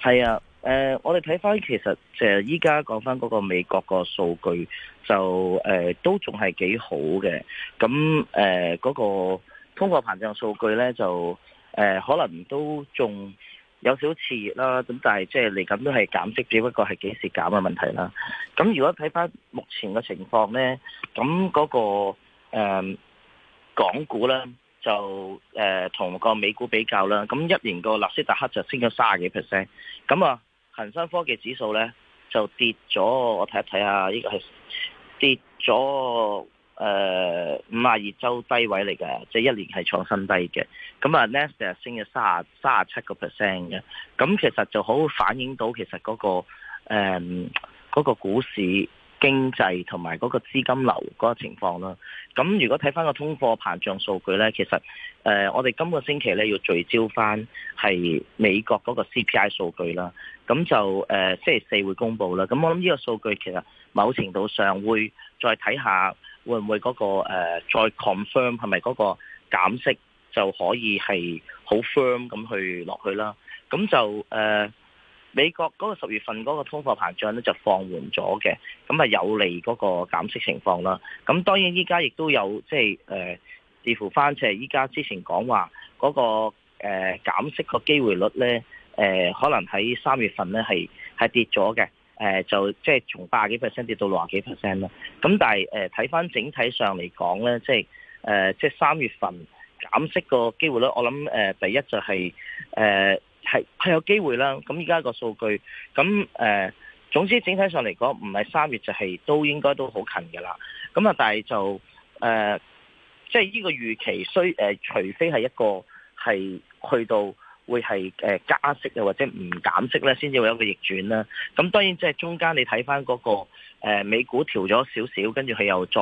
係啊，誒、呃，我哋睇翻其實就依家講翻嗰個美國個數據就誒、呃、都仲係幾好嘅，咁誒嗰個通貨膨脹數據咧就誒、呃、可能都仲有少少熾熱啦，咁但係即係嚟緊都係減息，只不過係幾時減嘅問題啦。咁如果睇翻目前嘅情況咧，咁嗰個誒、呃、港股咧，就同個、呃、美股比較啦，咁一年個納斯達克就升咗三十幾 percent，咁啊恒生科技指數咧就跌咗，我睇一睇下，呢個係跌咗誒五啊二周低位嚟㗎，即、就係、一年係創新低嘅。咁啊，納斯達克升咗卅卅七個 percent 嘅，咁其實就好反映到其實嗰、嗰個誒嗰、嗯嗰個股市，經濟同埋嗰個資金流嗰個情況啦，咁如果睇翻個通貨膨脹數據呢，其實誒我哋今個星期呢要聚焦翻係美國嗰個 CPI 數據啦，咁就誒星期四會公布啦，咁我諗呢個數據其實某程度上會再睇下會唔會嗰個誒再 confirm 係咪嗰個減息就可以係好 firm 咁去落去啦，咁就誒、呃。美國嗰個十月份嗰個通貨膨脹咧就放緩咗嘅，咁啊有利嗰個減息情況啦。咁當然依家亦都有即係誒視乎翻，即係依家之前講話嗰、那個誒、呃、減息個機會率咧，誒、呃、可能喺三月份咧係係跌咗嘅，誒、呃、就即係、就是、從八十幾 percent 跌到六十幾 percent 啦。咁但係誒睇翻整體上嚟講咧，即係誒即係三月份減息個機會率，我諗誒、呃、第一就係、是、誒。呃係係有機會啦，咁而家個數據，咁誒、呃，總之整體上嚟講，唔係三月就係、是、都應該都好近噶啦。咁啊，但係就誒，即係呢個預期，需誒、呃，除非係一個係去到會係誒加息，又或者唔減息咧，先至會有一個逆轉啦。咁當然即係中間你睇翻嗰個誒、呃、美股調咗少少，跟住佢又再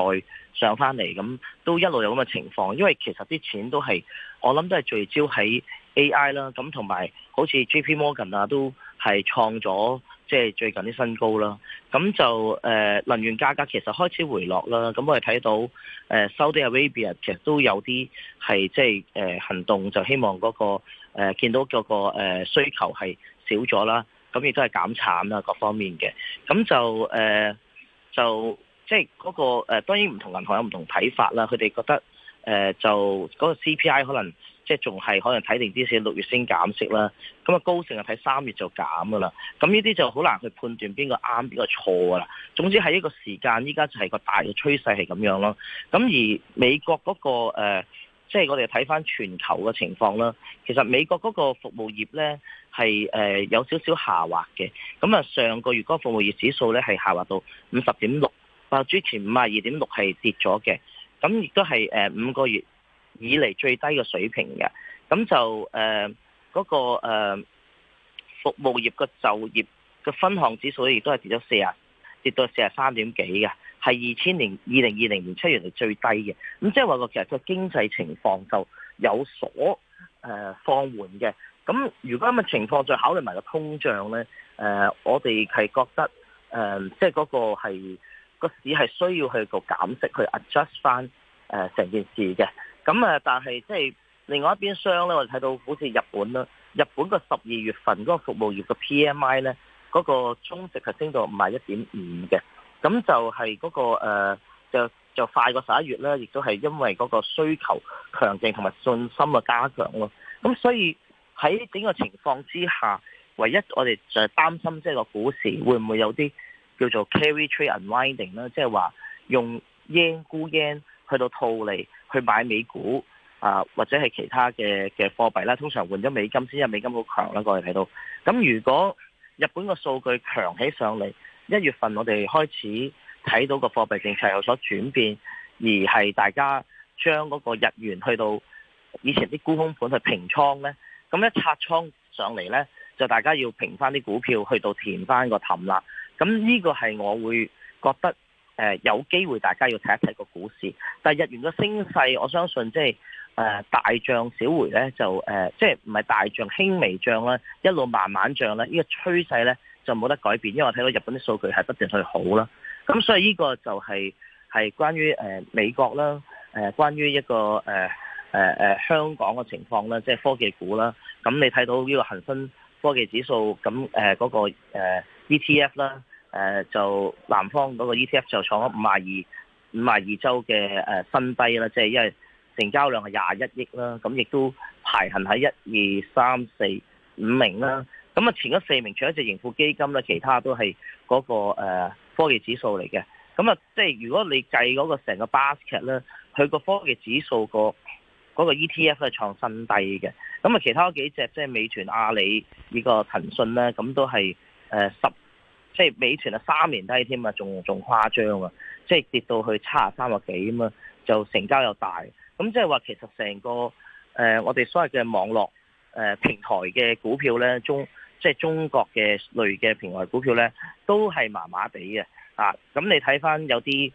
上翻嚟，咁都一路有咁嘅情況。因為其實啲錢都係我諗都係聚焦喺。A.I. 啦，咁同埋好似 J.P.Morgan 啊，都係創咗即係最近啲新高啦。咁就誒能源價格其實開始回落啦。咁我哋睇到誒 Saudi Arabia 其實都有啲係即係誒行動，就希望嗰個誒見到嗰個需求係少咗啦。咁亦都係減產啦，各方面嘅。咁就誒就即係嗰個誒當然唔同銀行有唔同睇法啦。佢哋覺得誒就嗰個 C.P.I. 可能。即係仲係可能睇定啲先，六月先減息啦。咁啊高盛啊睇三月就減噶啦。咁呢啲就好難去判斷邊個啱邊個錯噶啦。總之係一個時間，依家就係個大嘅趨勢係咁樣咯。咁而美國嗰個誒，即係我哋睇翻全球嘅情況啦。其實美國嗰個服務業咧係誒有少少下滑嘅。咁啊上個月嗰個服務業指數咧係下滑到五十點六，之前五啊二點六係跌咗嘅。咁亦都係誒五個月。以嚟最低嘅水平嘅，咁就誒嗰、呃嗰個、呃、服務業嘅就業嘅分項指數亦都係跌咗四啊，跌到四十三點幾嘅，係二千年、二零二零年七月嚟最低嘅。咁即係話個其實個經濟情況就有所誒、呃、放緩嘅。咁如果咁嘅情況再考慮埋個通脹咧，誒、呃、我哋係覺得誒即係嗰個係個市係需要去個減息去 adjust 翻誒成件事嘅。咁啊，但係即係另外一邊廂咧，我哋睇到好似日本啦，日本個十二月份嗰個服務業嘅 P M I 咧，嗰個終值係升到五十一點五嘅，咁就係嗰個、呃、就就快過十一月呢，亦都係因為嗰個需求強勁同埋信心嘅加強咯。咁所以喺整個情況之下，唯一我哋就係擔心即係個股市會唔會有啲叫做 carry trade unwinding 啦，即係話用 yen 估 yen 去到套利。去買美股啊，或者係其他嘅嘅貨幣啦，通常換咗美金先，因為美金好強啦，我哋睇到。咁如果日本個數據強起上嚟，一月份我哋開始睇到個貨幣政策有所轉變，而係大家將嗰個日元去到以前啲沽空盤去平倉呢。咁一拆倉上嚟呢，就大家要平翻啲股票去到填翻個氹啦。咁呢個係我會覺得。誒、呃、有機會大家要睇一睇個股市，但係日元嘅升勢，我相信即係誒大漲小回咧，就誒即係唔係大漲輕微漲啦，一路慢慢漲啦呢、呢個趨勢咧就冇得改變，因為我睇到日本啲數據係不斷去好啦。咁所以呢個就係、是、係關於、呃、美國啦，誒、呃、關於一個誒誒、呃呃、香港嘅情況啦，即係科技股啦。咁你睇到呢個恒生科技指數，咁誒嗰個、呃、ETF 啦。誒就南方嗰個 ETF 就創咗五廿二五廿二周嘅誒新低啦，即係因為成交量係廿一億啦，咁亦都排行喺一二三四五名啦。咁啊，前嗰四名除咗一隻盈富基金啦，其他都係嗰個科技指數嚟嘅。咁啊，即係如果你計嗰個成個 basket 咧，佢個科技指數個嗰個 ETF 係創新低嘅。咁啊，其他幾隻即係美團、阿里呢、呢個騰訊咧，咁都係誒十。即係美團啊，三年低添啊，仲仲誇張啊！即係跌到去七啊三啊幾嘛，就成交又大。咁即係話其實成個誒、呃、我哋所謂嘅網絡誒、呃、平台嘅股票咧，中即係中國嘅類嘅平台股票咧，都係麻麻地嘅啊！咁你睇翻有啲誒、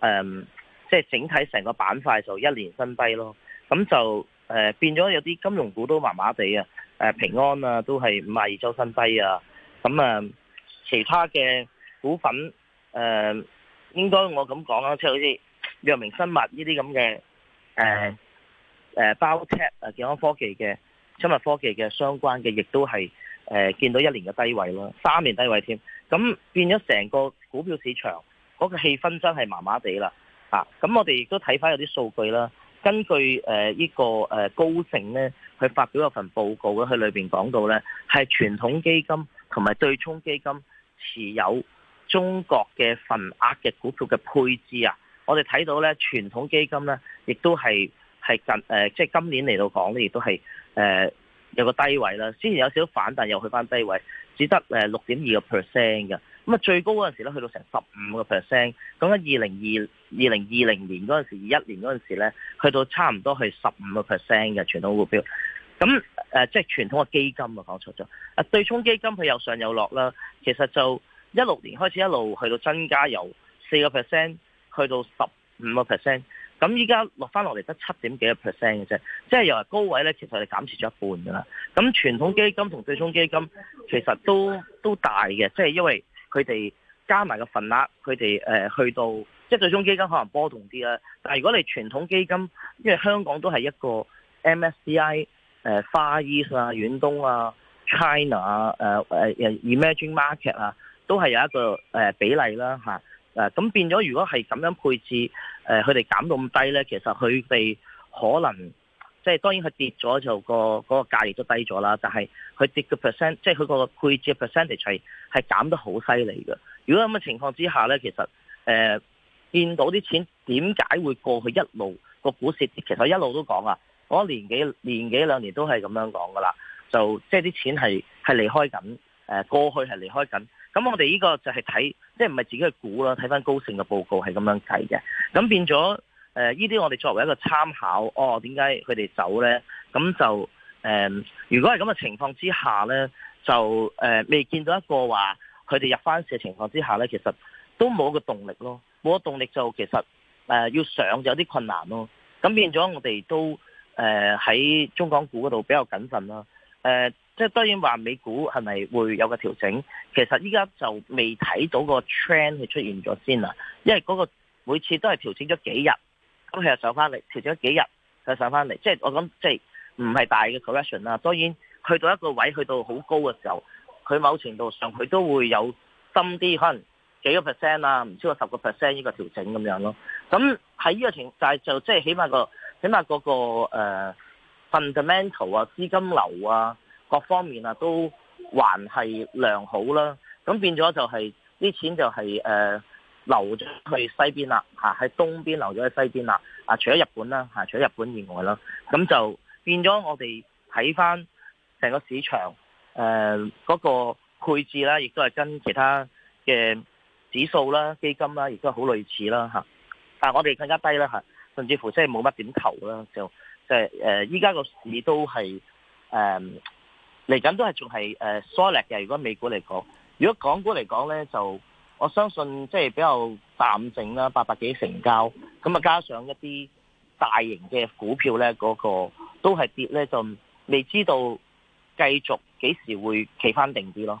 嗯，即係整體成個板塊就一年新低咯。咁就誒、呃、變咗有啲金融股都麻麻地啊！誒平安啊都係五十二周新低啊！咁啊～啊其他嘅股份，誒、呃、應該我咁講啦，即係好似藥明生物呢啲咁嘅，誒誒包括健康科技嘅、生物科技嘅相關嘅，亦都係誒、呃、見到一年嘅低位咯，三年低位添。咁變咗成整個股票市場嗰、那個氣氛真係麻麻地啦，嚇、啊！咁我哋亦都睇翻有啲數據啦。根據誒依、呃這個誒、呃、高盛咧，去發表一份報告咧，佢裏邊講到咧係傳統基金同埋對沖基金。持有中國嘅份額嘅股票嘅配置啊，我哋睇到咧，傳統基金咧，亦都係係近誒，即係今年嚟到講咧，亦都係誒有個低位啦。雖然有少少反彈，但又去翻低位，只得誒六點二個 percent 嘅。咁啊，最高嗰陣時咧，去到成十五個 percent。咁喺二零二二零二零年嗰陣時，二一年嗰陣時咧，去到差唔多去十五個 percent 嘅傳統股票。咁誒，即係、啊就是、傳統嘅基金啊，講錯咗啊！對沖基金佢有上有落啦，其實就一六年開始一路去，去到增加，就是、由四個 percent 去到十五個 percent。咁依家落翻落嚟得七點幾個 percent 嘅啫，即係由高位咧，其實係減持咗一半噶啦。咁傳統基金同對沖基金其實都都大嘅，即、就、係、是、因為佢哋加埋個份額，佢哋、呃、去到即係、就是、對沖基金可能波動啲啦。但係如果你傳統基金，因為香港都係一個 M S C I。誒花衣啊、遠東啊、China 啊、誒誒誒 Emerging Market 啊，都係有一個比例啦嚇。誒、啊、咁變咗，如果係咁樣配置，佢、啊、哋減到咁低咧，其實佢哋可能即係、就是、當然佢跌咗就、那個嗰、那個價亦都低咗啦。但係佢跌嘅 percent，即係佢個配置 percentage 係係減得好犀利嘅。如果咁嘅情況之下咧，其實誒、呃、見到啲錢點解會過去一路個股市跌？其實我一路都講啊。我年幾年幾兩年都係咁樣講噶啦，就即係啲錢係係離開緊，誒、呃、過去係離開緊。咁我哋呢個就係睇，即係唔係自己去估啦，睇翻高盛嘅報告係咁樣計嘅。咁變咗誒，呢、呃、啲我哋作為一個參考。哦，點解佢哋走咧？咁就誒、呃，如果係咁嘅情況之下咧，就誒未、呃、見到一個話佢哋入翻市嘅情況之下咧，其實都冇一個動力咯。冇咗動，動力就其實誒、呃、要上就有啲困難咯。咁變咗我哋都。誒喺、呃、中港股嗰度比較謹慎啦。誒、呃，即係當然話美股係咪會有個調整？其實依家就未睇到個 trend 係出現咗先啦。因為嗰個每次都係調整咗幾日，咁佢又上翻嚟調整咗幾日，佢上翻嚟，即係我諗即係唔係大嘅 correction 啦。當然去到一個位去到好高嘅時候，佢某程度上佢都會有深啲，可能幾個 percent 啊，唔超過十個 percent 呢個調整咁樣咯。咁喺呢個情況下，就係就即係起碼個。起碼嗰個誒 fundamental 啊、資金流啊、各方面啊都還係良好啦，咁變咗就係啲錢就係誒流咗去西邊啦，吓喺東邊流咗去西邊啦，啊除咗日本啦吓，除咗日本以外啦，咁就變咗我哋睇返成個市場誒嗰個配置啦，亦都係跟其他嘅指數啦、基金啦，亦都係好類似啦吓，但係我哋更加低啦吓。甚至乎即係冇乜點投啦，就即係誒，依家個市都係誒嚟緊都係仲係誒 solid 嘅。如果美股嚟講，如果港股嚟講咧，就我相信即係比較淡靜啦，八百幾成交，咁啊加上一啲大型嘅股票咧，嗰、嗰個都係跌咧，就未知道繼續幾時會企返定啲咯。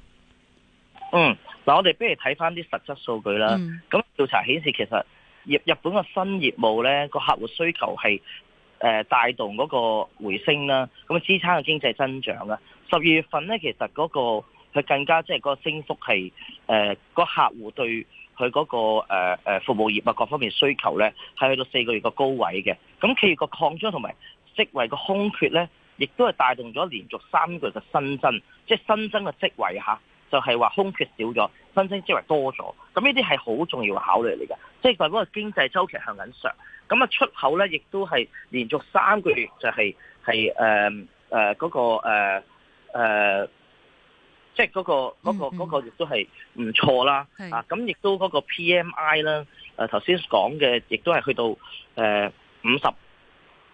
嗯，嗱，我哋不如睇翻啲實質數據啦。咁、嗯、調查顯示，其實日日本嘅新業務咧，個客戶需求係誒帶動嗰個回升啦，咁啊支撐個經濟增長啦。十二月份咧，其實嗰、嗰個係更加即係嗰個升幅係誒、呃嗰個客戶對佢嗰個誒服務業啊各方面需求咧，係去到四個月個高位嘅。咁企業個擴張同埋職位個空缺咧，亦都係帶動咗連續三個月嘅新增，即係新增嘅職位嚇。就係話空缺少咗，新增職位多咗，咁呢啲係好重要嘅考慮嚟嘅，即係嗰個經濟周期向緊上，咁啊出口咧亦都係連續三個月就係係誒誒嗰個誒、呃、即係、嗰個、嗰個嗰、嗰個嗰、嗰個亦都係唔錯啦，啊咁亦都嗰個 P M I 啦，誒頭先講嘅亦都係去到誒五十誒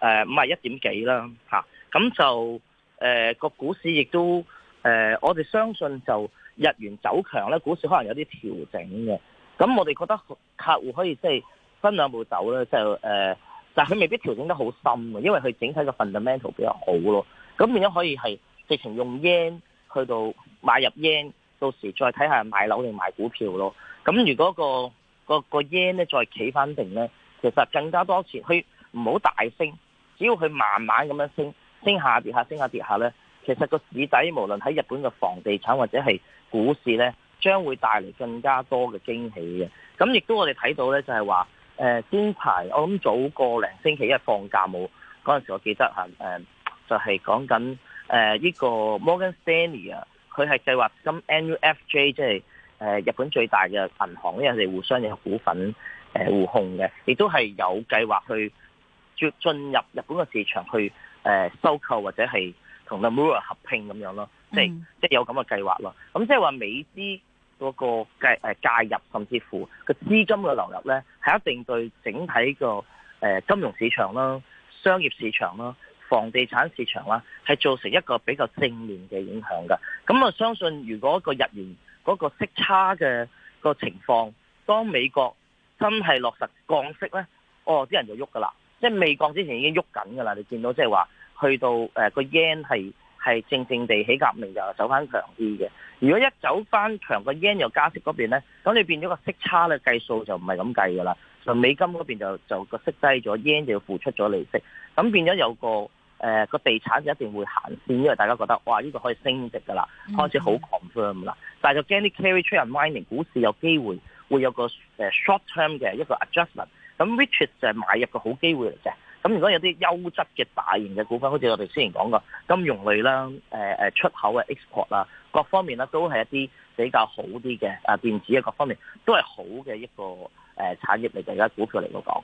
五係一點幾啦，嚇咁就誒個股市亦都誒、呃、我哋相信就。日元走強咧，股市可能有啲調整嘅。咁我哋覺得客戶可以即係分兩步走咧，就誒、呃，但係佢未必調整得好深嘅，因為佢整體嘅 fundamental 比較好咯。咁變咗可以係直情用 yen 去到買入 yen，到時再睇下買樓定買股票咯。咁如果、個個個 yen 咧再企翻定咧，其實更加多次，佢唔好大升，只要佢慢慢咁樣升，升下跌下，升下跌下咧。其實個市底無論喺日本嘅房地產或者係股市咧，將會帶嚟更加多嘅驚喜嘅。咁亦都我哋睇到咧，就係話誒，先排我諗早個零星期一放假冇嗰陣時，我記得嚇、呃、就係、是、講緊誒呢個 Morgan Stanley 啊，佢係計劃跟 NUFJ 即係、呃、日本最大嘅銀行，因為佢哋互相有股份、呃、互控嘅，亦都係有計劃去進入日本嘅市場去、呃、收購或者係。同阿 Mura 合併咁樣咯，即係即係有咁嘅計劃咯。咁即係話美資嗰個計介入，甚至乎個資金嘅流入咧，係一定對整體個誒金融市場啦、商業市場啦、房地產市場啦，係造成一個比較正面嘅影響噶。咁啊，相信如果個日元嗰個息差嘅個情況，當美國真係落實降息咧，哦，啲人就喐噶啦，即係未降之前已經喐緊噶啦，你見到即係話。去到誒個 yen 係係正正地起革命，就走翻強啲嘅。如果一走翻強，個 yen 又加息嗰邊咧，咁你變咗個息差咧計數就唔係咁計噶啦。就美金嗰邊就就個息低咗，yen 就要付出咗利息，咁變咗有個誒個地產就一定會行先，因為大家覺得哇呢個可以升值噶啦，開始好 confirm 啦。但係就驚啲 carry trade unwinding，股市有機會會有個 short term 嘅一個,個 adjustment，咁 Richard 就係買入個好機會嚟嘅。咁如果有啲優質嘅大型嘅股份，好似我哋先前講過金融類啦、誒、呃、誒出口嘅 export 啦、啊，各方面呢都係一啲比較好啲嘅啊，電子嘅各方面都係好嘅一個誒、呃、產業嚟，大家股票嚟講。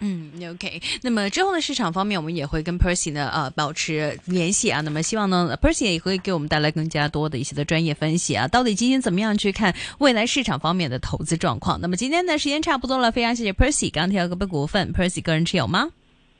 嗯，OK。咁麼之後嘅市場方面，我們也會跟 Percy 呢，誒、呃、保持聯繫啊。咁麼希望呢 Percy 也會給我們帶來更加多的一些的專業分析啊。到底今天怎麼樣去看未來市場方面的投資狀況？咁麼今天呢，時間差不多了，非常謝謝 Percy。剛提到個股份 Percy 個人持有嗎？